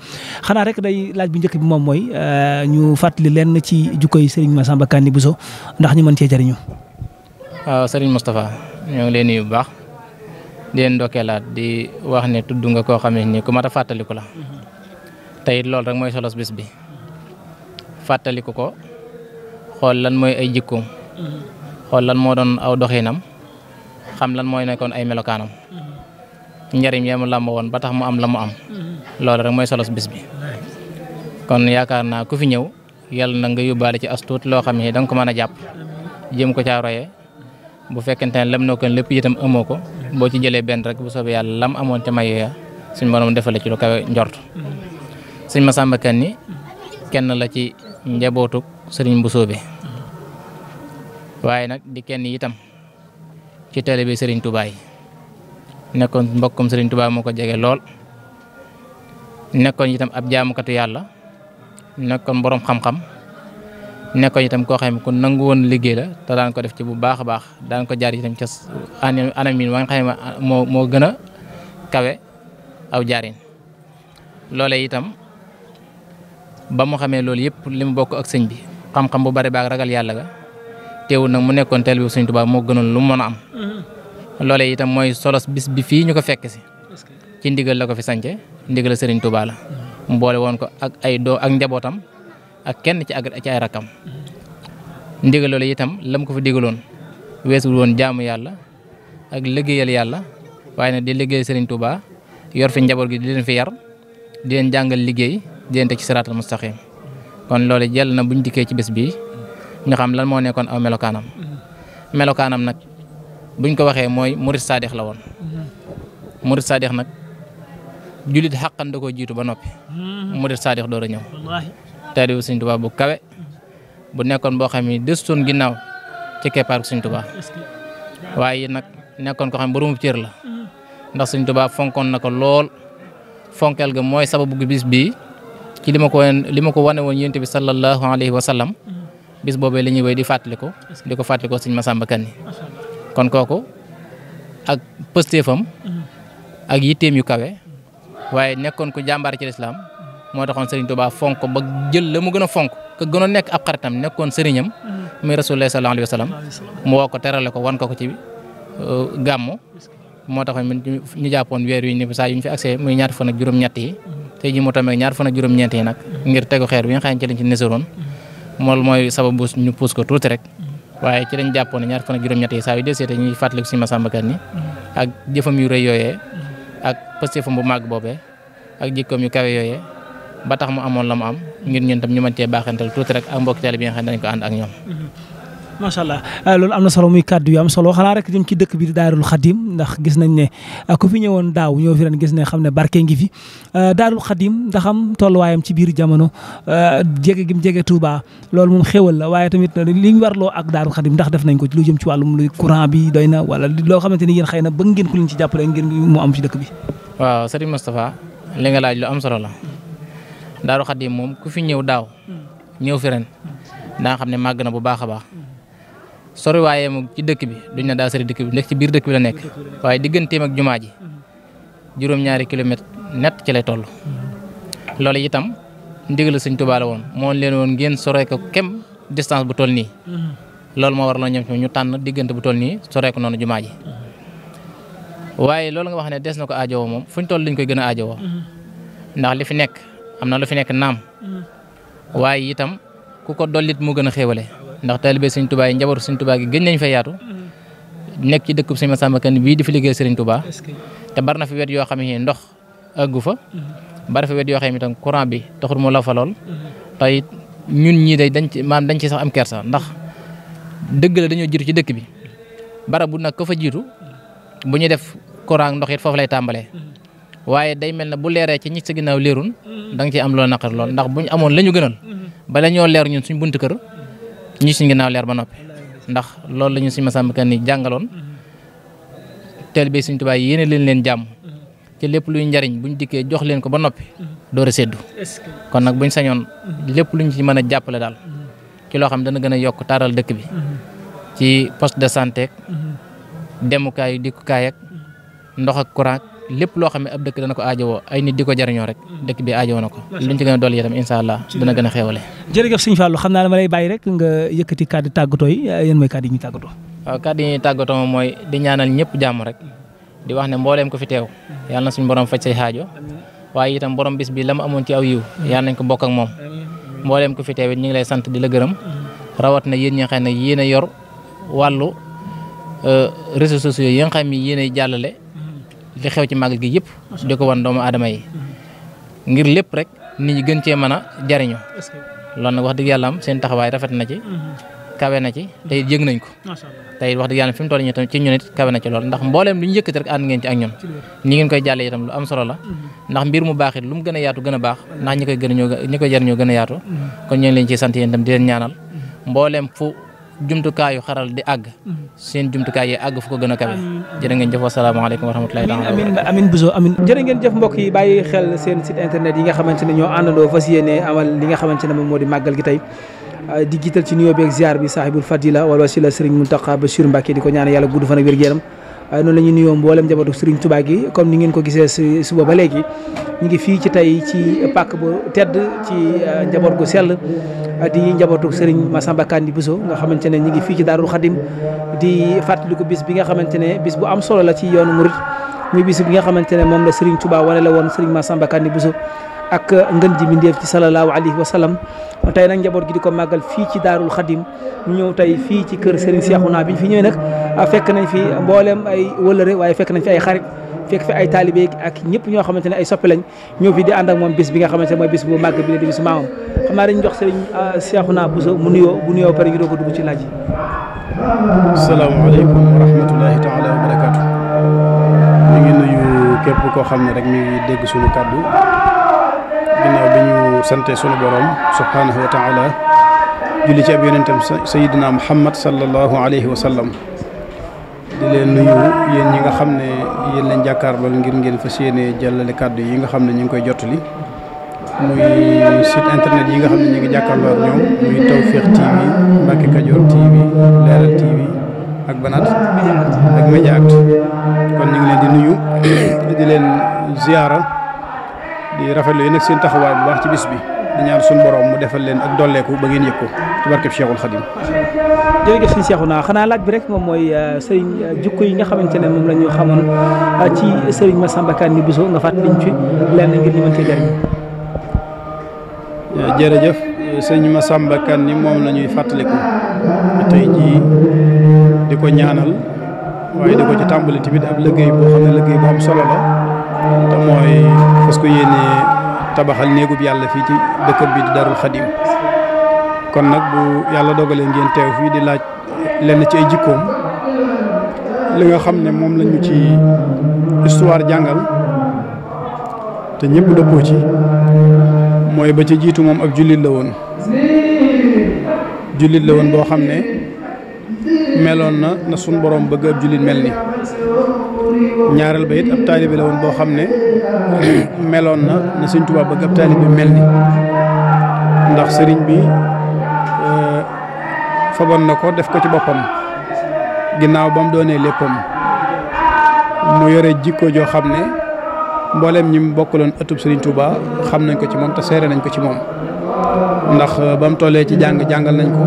Speaker 6: xanaa rek day laaj bi njëkk bi moom mooy euh, ñu fàttali lenn ci jukkoy Serigne Massamba Kanni Bousso ndax ñu mën cee jëriñu
Speaker 7: waaw Serigne Moustapha ñoo ngi leen nuyu bu baax di leen ndokkeelaat di wax ne tudd nga koo xam ne nii ku mat a fàttaliku la tey loolu rek mooy solos bis bi fàttaliku ko xool lan mooy ay jikkoom xool lan moo doon aw doxinam xam lan mooy nekkoon ay melokaanam njariñ yam làmb woon ba tax mu am la mu am loolu rek mooy solos bis bi kon yaakaar naa ku fi ñëw yàlla na nga yóbbaale ci astuut loo xam ne da nga ko mën a jàpp jëm ko caa royee bu fekkente ne lam noo ko lépp itam amoo ko boo ci jëlee benn rek bu soobee yàlla lam amoon te mayoya suñ borom defale ci lu kawe njort suñ Masamba Kanni kenn la ci njabootuk sëriñ bu soobee waaye nag di kenn itam ci télé bi Serigne Touba yi nekkoon mbokkum Serigne Touba moo ko jege lool nekkoon itam ab jaamukatu yàlla nekkoon boroom xam-xam nekkoon itam koo xam ne ku nangu woon liggéey la te daan ko def ci bu baax a baax daan ko jaar itam ca anam yi wa nga moo moo gën a kawe aw jaarin loole itam ba mu xamee loolu yëpp li mu bokk ak sëñ bi xam-xam bu bari baag ragal yàlla ga teewul nag mu nekkoon teel bi Sëñ moo gënoon lu mu mën a am. Mm-hmm. loolee itam mooy solos bis bi fii ñu ko fekk si. ci ndigal la ko fi sàncee ndigal Sëriñ Tuubaa la. Mm-hmm. mu woon ko ak ay doo ak njabootam ak kenn ci ak ci ay rakkam. Mm-hmm. ndigal loolu itam lam ko fa digaloon weesul woon jaamu yàlla ak liggéeyal yàlla waaye nag di liggéey Sëriñ Tuubaa yor fi njaboot gi di leen fi yar di leen jàngal liggéey di leen teg ci siraatal mustaqim kon loolu jàll na buñ dikkee ñu xam lan moo nekkoon aw melokaanam melokaanam nag buñ ko waxee mooy murid saadix la woon murid saadix nag julit xàqan da koo jiitu ba noppi murid saadix door a ñëw taalibu Sëñ Tuubaa bu kawe bu nekkoon boo xam ne desutoon ginnaaw ci keppaaru Sëñ Tuubaa waaye nag nekkoon ko xam ne boromu cër la ndax Sëñ Tuubaa fonkoon na ko lool fonkeel ga mooy sababu bis bii ci li ko wane woon yonent bi sallallahu alayhi wa bis boobee la ñuy wéy di ko di ko fàttalikoo sëñ Massamba Kanni kon kooku ak pëstéefam mm-hmm. ak yitteem yu kawe waaye nekkoon ku jàmbaar ci lislaam moo taxoon Serigne Touba fonk ba jël la mu gën a fonk ka gën a nekk ab xaritam nekkoon sëriñam mm-hmm. muy Rasulullah sallallahu alayhi wa sallam mu woo ko terale ko wan ko ko ci uh, gàmmu moo taxoon ñu jàppoon weer yu ni saa yu ñu fi accès muy ñaar fan juróom-ñett yi mm-hmm. ji mu tamee ñaar fan ak juróom-ñeent yi ngir tegu xeer bi mool mooy sababu ñu puus ko tuuti rek waaye ci lañ jàppoon ñaar fan ak juróom-ñett saa yu desee te ñuy fàttaliku suñu Masamba Kan ni ak jëfam yu rëy yooyee ak pëstéefam bu màgg boobee ak jikkoom yu kawe yooyee ba tax mu amoon la mu am ngir ñun ñu mën cee baaxantal tuuti rek ak mbokk taalibe bi nga xam ne dañ ko ànd ak ñoom macha allah
Speaker 6: ah, loolu am na solo muy kàddu yu am solo xanaa rek jëm ci dëkk bi di Daarul Xadim ndax gis nañ ne ah, ku fi ñëwoon daaw ñoo fi ren gis ne xam ne barke ngi fi ah, Daarul Xadim ndax am tolluwaayam ci biir jamono jege gim jege Touba loolu moom xéwal la waaye tamit li ñu warloo ak Daarul Xadim ndax def nañ ko ci lu jëm ci wàllum luy courant bi na wala loo xamante ni yéen xëy na ba ngeen ko leen ci jàppale ngeen mu am ci dëkk bi.
Speaker 7: waaw sëriñ Moustapha li nga laaj lu am solo la Daarul Xadim moom ku fi ñëw daaw hmm. ñëw fi ren daa xam ne màgg na bu baax a baax sori waaye mu ci dëkk bi duñ na daa sori bi nekk ci biir la nekk waaye digganteem ak jumaa ji juróom-ñaari kilomètre net ci lay toll loolu itam ndigal sëñ Tuubaa woon moo leen woon ngeen soree ko kem distance bu toll nii loolu moo waraloon ñu tànn diggante bu toll nii soree ko noonu jumaa waaye loolu nga wax ne des na ko aajowoo moom fu ñu toll lañ koy gën a aajowoo ndax li fi nekk am na lu fi nekk naam mm-hmm. waaye itam ku ko dollit mu gën a ndax taalibe sëñ Touba yi njabootu sëñ Touba gi gën nañ fa yaatu nekk ci dëkkub sëñ Massamba Kane bii di fi liggéey sëriñ Touba te bar fi wet yoo xam ne ndox àggu fa bar fi wet yoo xam ne tam courant bi taxul mu la fa lool tey ñun ñii day dañ ci maam dañ ci sax am kersa ndax dëgg la dañoo jiitu ci dëkk bi barab bu nag ko fa jiitu bu ñu def courant ndox it foofu lay tàmbalee waaye day mel ne bu leeree ci ñi sa ginnaaw leerun mm. da nga ciy am loo naqar lool ndax bu la ñu gënal mm-hmm. bala ñoo leer ñun ñi suñ ginnaaw leer ba noppi ndax loolu la ñu suñ Masamba Kanni jàngaloon teel bi suñ tubaay yéene leen leen jàmm ci lépp luy njariñ buñ dikkee jox leen ko ba noppi door a séddu kon nag buñ sañoon lépp luñ ci mën a jàppale daal ci loo xam dana gën a yokk taaral dëkk bi ci poste de santé ak mhm. demukaayu dikkukaay ak ndox ak lépp loo xam ne ab dëkk dana ko aajowoo ay nit di ko jariñoo rek dëkk bi aajowoo na ko luñ ci gën a dolli itam incha allah dana gën a xeewale jërëjëf sëñ Fallou
Speaker 6: xam naa dama lay bàyyi rek nga yëkkati kàddu tàggatoo yi mooy kàddu yi ñuy
Speaker 7: di ñaanal ñëpp jàmm rek di wax ne mbooleem ko fi teew yàlla suñu borom faj say xaajo waaye itam borom bis bi la amoon ci aw yiw yàlla nañ ko bokk ak moom mbooleem ko fi teew it ñu ngi lay sant di la gërëm rawat na yéen ñi nga na ne yéen a yor wàllu euh, réseaux sociaux yi nga xam ne yéen ay jàllale li xew ci màggal gi yëpp di ko wan doomu aadama yi ngir lépp rek nit ñi gën cee mën a jariñu loolu nag wax dëgg yàlla am seen taxawaay rafet na ci mm-hmm. kawe na ci tey yëg nañ ko tey wax dëgg yàlla fi mu toll ñu tam ci ñun it kawe na ci lool ndax mbooleem lu ñu yëkkati rek ànd ngeen ci ak ñun ñi ngeen koy jàllee itam am solo la mm-hmm. ndax mbir mu baax it lu mu gën a yaatu gën a baax ndax ñi koy gën a ñoo ñi jariñoo gën a yaatu mm-hmm. kon ñu ngi leen ciy sant di leen ñaanal mbooleem fu jumtukaayu xaral di àgg seen jumtukaay yi àgg fu ko gën a kawe ngeen jëf wasalaamaaleykum wa rahmatulahi taala amiin
Speaker 6: amiin Bousso amiin jërë ngeen jëf mbokk yi bàyyi xel seen site internet yi nga xamante ne ñoo àndandoo fas yéene amal li nga xamante ne moom moo di màggal gi tey ah, di jiital ci nuyoo beeg ziar bi saahibul fadila wal wasila sëriñ Muntaqa Bachir Mbacke di ko ñaanal yàlla gudd fan ak wér gu noonu la ñuy nuyoo mboolem njabootu Serigne tubaa gi comme ni ngeen ko gisee si suba ba léegi ñu ngi fii ci tey ci pàkk bu tedd ci euh, njaboot gu sell di njabootu Serigne Massamba Kandi Bousso nga xamante ne ñu ngi fii ci Daarul Xadim di ko bis bi nga xamante ne bis bu am solo la ci yoonu murit muy bis bi nga xamante ne moom la Serigne tubaa wane la woon Serigne Massamba Kandi Bousso ak ngën ji mbindéef ci salallaahu alayhi wa sallam tey nag njaboot gi di ko màggal fii ci daarul xadim ñu ñëw tey fii ci kër Serigne naa bi ñu fi ñëwee a ah, fekk nañ fi mbooleem ay wëlëre waaye fekk nañ fi ay xarit fekk fi ay taalibee ak ñëpp ñoo xamante ne ay soppe lañ ñëw fi di ànd ak moom bis bi nga xamante ne mooy bis bu màgg bi ne di bisu maamam xam naa dañu jox Serigne Cheikhouna
Speaker 8: ah, Bousso mu nuyoo bu nuyoo pare ñu doo ko dugg ci laaj yi salaamaaleykum wa koo xam rek mi ngi dégg suñu ginnaaw bi ñu sante sunu borom subhaanahu wa taala julli ci ab yonentam sayidina muhammad sallallahu alayhi wa sallam di leen nuyu yéen ñi nga xam ne yéen lañ jàkkaarlool ngir ngeen fas yéene jàllale kàddu yi nga xam ne ñu ngi koy jottali
Speaker 9: muy site internet yi nga xam ne ñu ngi jàkkaarloo ak ñoom muy
Speaker 8: Tawfekh TV Mbacke Kadior TV Leral TV ak Banat ak Mediaactu kon ñu ngi leen di nuyu di leen ziara di rafetlu yéen nag seen taxawaay bi baax ci bis bi di ñaan suñu borom mu defal leen ak dolleeku ba ngeen yëg ko ci barkeb Cheikhul Khadim. jërëjëf sëñ Cheikhouna xanaa laaj bi rek moom mooy euh, sëriñ euh,
Speaker 6: jukko yi nga xamante ne moom la ñu xamoon euh, ci sëriñ Massamba Kanni Bousso nga fi ci lenn ngir ñu mën cee jëriñ.
Speaker 8: jërëjëf sëñ Massamba Kanni moom lañuy ñuy fàttaliku tey jii di ko ñaanal waaye di ko ci tàmbali tamit ab liggéey boo xam ne liggéey bu am solo la. te mooy fas ko yéene tabaxal néegub yàlla fii ci dëkkam bi di Darou kon nag bu yàlla dogalee ngeen teew fii di laaj lenn ci ay jikkoom
Speaker 9: li nga xam ne moom lañu ci
Speaker 8: histoire jàngal te ñëpp dëppoo ci mooy ba ci jiitu moom ab jullit la woon
Speaker 9: jullit la woon boo xam ne meloon
Speaker 8: na na sun borom bëgg ab jullit mel ni
Speaker 9: ñaareel ba it ab taalibe la woon boo xam ne <clears throat>
Speaker 8: meloon na ne sëñ Tuubaa bëgg ab taalibe mel ni ndax sëriñ bi euh, faboon na ko def ko ci boppam ginnaaw ba mu doonee léppam mu yore jikko joo xam ne mbooleem ñi mu bokkaloon ëttub sëriñ Tuubaa xam nañ ko ci moom te seere nañ ko ci moom ndax euh, ba mu tollee ci jàng jàngal nañ ko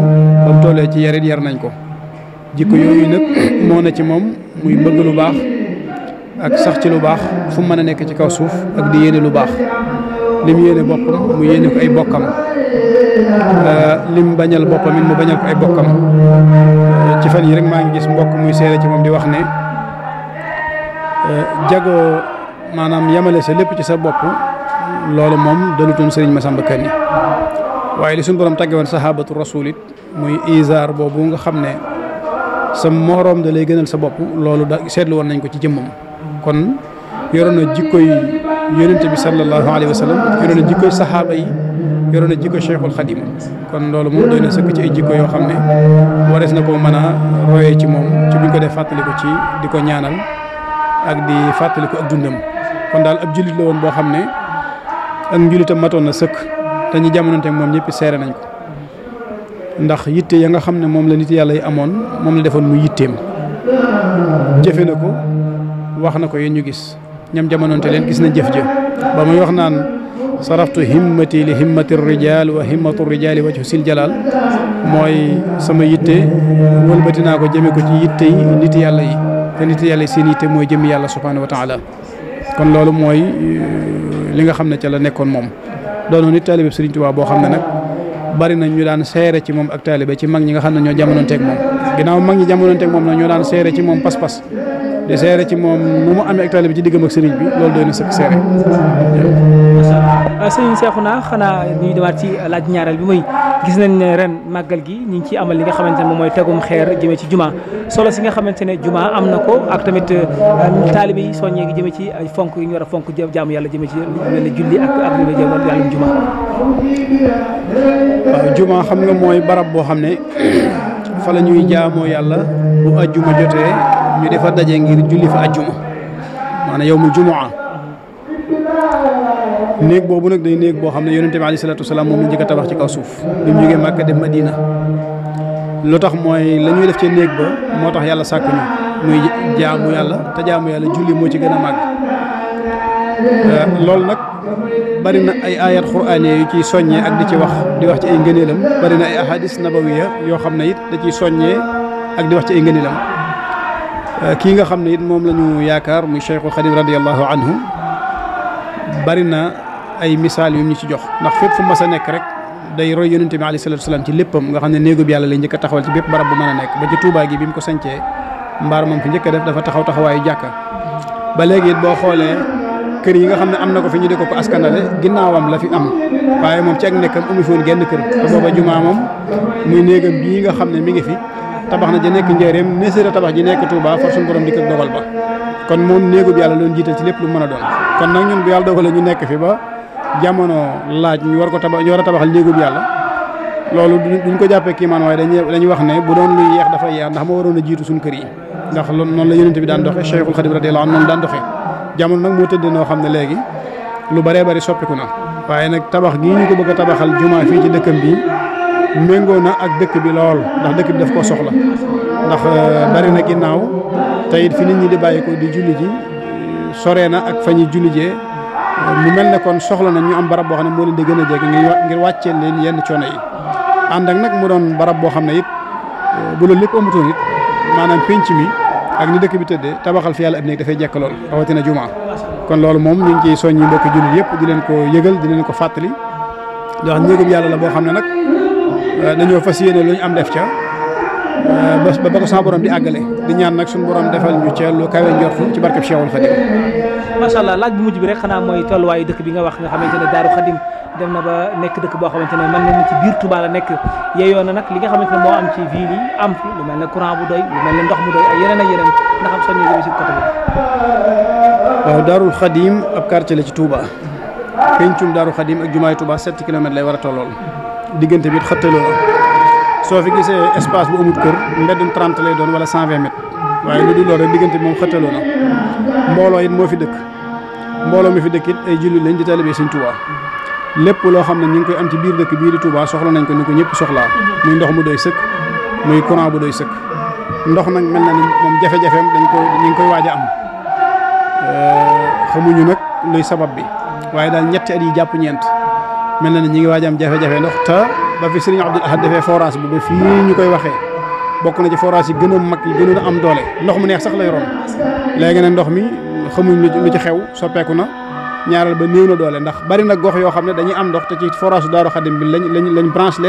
Speaker 8: ba mu tollee ci yarit yar nañ ko jikko yooyu nag moo na ci moom muy bëgg lu baax ak sax ci lu baax fu mu mën a nekk ci kaw suuf ak di yéene lu baax lim yéene boppam mu yéene ko ay bokkam
Speaker 9: euh,
Speaker 8: lim bañal boppam it mu bañal ko ay bokkam euh, ci fan yi rek maa ngi gis mbokk muy seere ci moom di wax ne euh, jago maanaam yamale sa lépp ci sa bopp loolu moom dalutoon sëriñ Masamba Kanni waaye li suñu borom tàgge woon sahabatu rasul it muy isaar boobu nga xam ne sa moroom da lay gënal sa bopp loolu da seetlu woon nañ ko ci jëmmam kon yoroon na jikkoy yonente bi sallallahu alayhi wa sallam yoroon na jikkoy saxaaba yi yoroon na jikko cheikhul xadim kon loolu moom doy na sëkk ci ay jikko yoo xam ne warees na ko mën a royee ci moom ci buñ ko def fàttaliku ci di ko ñaanal ak di fàttaliku ak dundam kon daal ab jullit la woon boo xam ne ak njullitam matoon na sëkk te ñu jamonante moom ñëpp seere nañ ko ndax yitte ya nga xam ne moom la nit yàlla yi amoon moom la defoon mu yitteem na ko wax na ko yéen ñu gis ñam jamonoonte leen gis nañ jëf-jëf ba muy wax naan saraftu himmati li himmati rijal wa himmatu rijali wajhu sil jalal mooy sama yitte wëlbati naa ko jëme ko ci yitte nit yàlla yi te nit yàlla yi seen yitte mooy jëmi yàlla subhanahu wa taala kon loolu mooy euh, li nga xam ne ca la nekkoon moom doonoon nit taalibe Sëriñ Tuubaa boo xam ne nag bari nañ ñu daan seere ci moom ak taalibe ci mag ñi nga xam ne ñoo jamonoonteeg moom ginnaaw mag ñi jamonoonteeg moom nag ñoo daan seere ci te seere ci moom nu mu amee ak taalibe bi ci diggam ak bi loolu doy na sëkk seere
Speaker 6: sëriñ Seexuna xanaa ñuy demaat ci laaj ñaareel bi muy gis nañ ne ren màggal gi ñu ngi ciy amal li nga xamante ne moom mooy tegum xeer jëmee ci juma solo si nga xamante ne juma am na ko ak tamit euh, taalibe yi soññee gi jëmee ci fonk yi ñu a fonk jaamu yàlla jëmee ci
Speaker 8: mel julli ak ak li nga jëm yàllum juma juma xam nga mooy barab boo xam ne <clears throat> fa ñuy jaamoo yàlla bu ajjuma jotee ñu defa daje ngir julli fa ajjuma maanaam yowmul jumaa néeg boobu nag day néeg boo xam ne yonente bi alayhi salaatu wasalaam moom la njëkk a tabax kaw suuf bi mu jógee Màkka dem Madina lu tax mooy la ñuy def ci néeg ba moo tax yàlla sàkk ñu
Speaker 9: muy jaamu yàlla
Speaker 8: te jaamu yàlla julli moo ci gën a màgg
Speaker 9: euh,
Speaker 8: loolu nag bari na ay ayat quraan yu ciy soññee ak di ci wax di wax ci ay ngëneelam bari na ay ahadis nabawiya yoo xam ne it da ciy soññee ak di wax ci ay ngëneelam Euh, kii nga xam ne it moom la ñu yaakaar muy Cheikhul Xadim radiallahu anhu bari na ay misaal yu ñu ci jox ndax fépp fu mas a nekk rek day roy yonente bi alayhi salatu salaam ci léppam nga xam ne néegub yàlla la njëkk a taxawal ci bépp barab bu mën a nekk ba ci Touba gi bi mu ko sancee mbaar moom fi njëkk def dafa taxaw taxawaayu jàkka ba léegi it boo xoolee kër yi nga xam ne am na ko fi ñu di ko ko askanale ginnaawam la fi am waaye moom ci ak nekkam amu fi genn kër te booba moom muy néegam bii nga xam ne mi ngi fi tabax na ja nekk njëreem néeséer a tabax ji nekk Touba far suñu borom di dogal ba kon moom néegub yàlla loolu jiital ci lépp lu mën a doon kon nag ñun bu yàlla dogalee ñu nekk fi ba jamono laaj ñu war ko tabax ñu war a tabaxal néegub yàlla loolu duñ ko jàppee kiimaan waaye dañuy wax ne bu doon luy yeex dafa yeex ndax ma waroon a jiitu suñu kër yi ndax noonu la yonent bi daan doxee Cheikhul Khadim radiyallahu anhu noonu daan doxee jamono nag moo tëddee noo xam ne léegi lu bëree bëri soppiku na waaye nag tabax gii ñu ko bëgg a tabaxal jumaa fii ci dëkkam bi méngoo na ak dëkk bi lool ndax dëkk bi daf ko soxla
Speaker 9: ndax euh, bari na
Speaker 8: ginnaaw tey it fi nit ñi di bàyyi ko di julli ji soree na ak fa ñuy julli jee mu mel ne kon soxla nañ ñu am barab boo xam ne moo leen di gën a jege ngir wàccee leen yenn coono yi ànd ak nag mu doon boo xam ne it euh, bu loolu lépp amutoon it maanaam penc mi ak ni dëkk bi tëddee tabaxal fi yàlla ab néeg dafay jekk lool rawatina jumaa kon loolu moom ñu ngi ciy soññi mbokki jullit yëpp di leen ko yëgal di leen ko fàttali di wax néegub yàlla la boo xam ne nag dañoo euh, fas yéene lu ñu am def ca euh, ba ba ko sa borom di àggale di ñaan nag suñu borom defal ñu ca lu kawe njortu ci barkeb Cheikhul
Speaker 9: Khadim. macha
Speaker 6: allah laaj bu mujj bi rek xanaa mooy tolluwaayu dëkk bi nga wax nga xamante ne Daaru Khadim dem na ba nekk dëkk boo xamante ne man nañu ci biir Touba la nekk yeyoon na li nga xamante ne moo am ci ville yi am fi lu mel ne courant bu doy lu mel ne ndox mu doy ak yeneen ak yeneen ndax am soññu si côté bi.
Speaker 8: waaw euh, Daarul Khadim ab quartier la ci Touba. pencum Daaru Khadim ak jumaay Touba 7 kilomètres lay war a tollool. diggante bi xëttaloo soo fi gisee espace bu amut kër mbeddum 30 lay doon wala 120 mètres waaye lu dul loolu rek diggante bi moom xëttaloo na mbooloo it moo fi dëkk mbooloo mi fi dëkk it ay jullit lañ di taalibe Sëñ Tuubaa lépp loo xam ne ñu ngi koy am ci biir dëkk bii di Touba soxla nañ ko ni ko ñëpp soxlaa muy ndox mu doy sëkk muy courant bu doy sëkk ndox nag mel na ni moom jafe-jafeem dañ ko ñu ngi koy waaj a am xamuñu nag luy sabab bi waaye daal ñetti yi jàpp ñeent mel na ne ñi ngi waaj am jafe-jafe ndox te ba fi Serigne Abdoul Ahad defee forage bi ba fii ñu koy waxee bokk na ci forage yi gën mag yi gën a am doole ndox mu neex sax lay ron léegi nag ndox mi xamuñ mu ci xew soppeeku na ñaaral ba néew na doole ndax bari na gox yoo xam ne dañuy am ndox te ci forage su Daaru Xadim bi lañ lañ lañ branché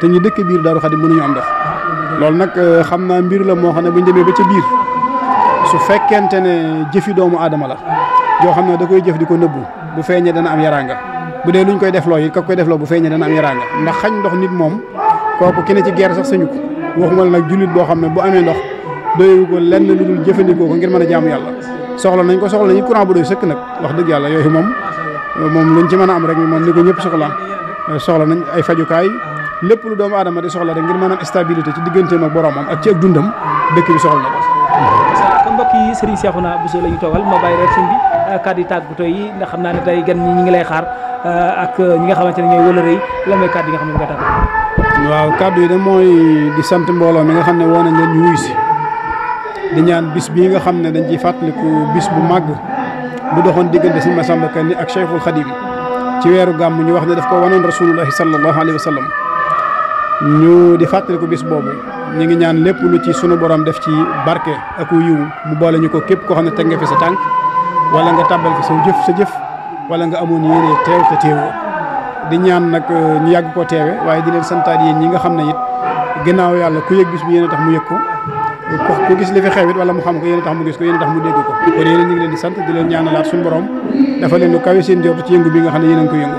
Speaker 8: te ñu dëkk biir Daaru Xadim mënuñu am ndox loolu nag euh, xam naa mbir la moo xam ne buñ demee ba ca biir su fekkente ne jëfi doomu aadama la yoo xam ne da koy jëf di bu feeñee dana am yaraanga bu dee luñ koy def loo it koy def loo bu feeñee dana am yaraanga ndax xañ ndox nit moom kooku ki ne ci guerre sax sañu ko waxuma la nag jullit boo xam ne bu amee ndox doyewu ko lenn lu dul jëfandikoo ko ngir mën a jaamu yàlla soxla nañ ko soxla nañ courant bu doy sëkk nag wax dëgg yàlla yooyu moom moom luñ ci mën a am rek moom ni ko ñëpp soxla soxla nañ ay fajukaay lépp lu doomu aadama di soxla rek ngir mën a stabilité ci digganteem ak boromam ak ci ak dundam dëkk bi soxla na ko.
Speaker 6: kon mbokk yi Serigne Cheikhouna Bousso la ñu toogal ma bàyyi rek s bi kàddu tàggatoo ndax xam naa ne tey gan ñi ñu ngi lay xaar Euh, ak ñi nga xamante ne ñooy wëlëre yi lan mooy kàddu yi nga xam ne nga tàggatoo.
Speaker 8: waaw kàddu yi de mooy di sant mbooloo mi nga xam ne woo nañ leen ñu wuy si di ñaan bis bii nga xam ne dañ ciy fàttaliku bis bu màgg bu doxoon diggante si Massamba Kanni ak Cheikhul Khadim ci weeru gàmm ñu wax ne daf ko wanoon rasulullahi sallallahu alayhi wa sallam ñu di fàttaliku bis boobu ñu ngi ñaan lépp lu ci suñu borom def ci barke ak yiw mu boole ñu ko képp koo xam ne teg nga sa tànk wala nga tàbbal fi sa sa jëf. wala nga amoon yéene teew te teewoo di ñaan nag euh, ñu yàgg ko teewe waaye di leen santaat yi ñi nga xam ne it ginnaaw yàlla ku yëg bis bi yéen tax mu yëg ko ku gis li fi xew it wala mu xam ko yéen tax mu gis ko yéen tax mu dégg ko kon yéen ñu ngi leen di sant di leen ñaanalaat suñu borom dafa leen lu kawe seen jot ci yëngu bi nga xam ne yéen a ko yëngu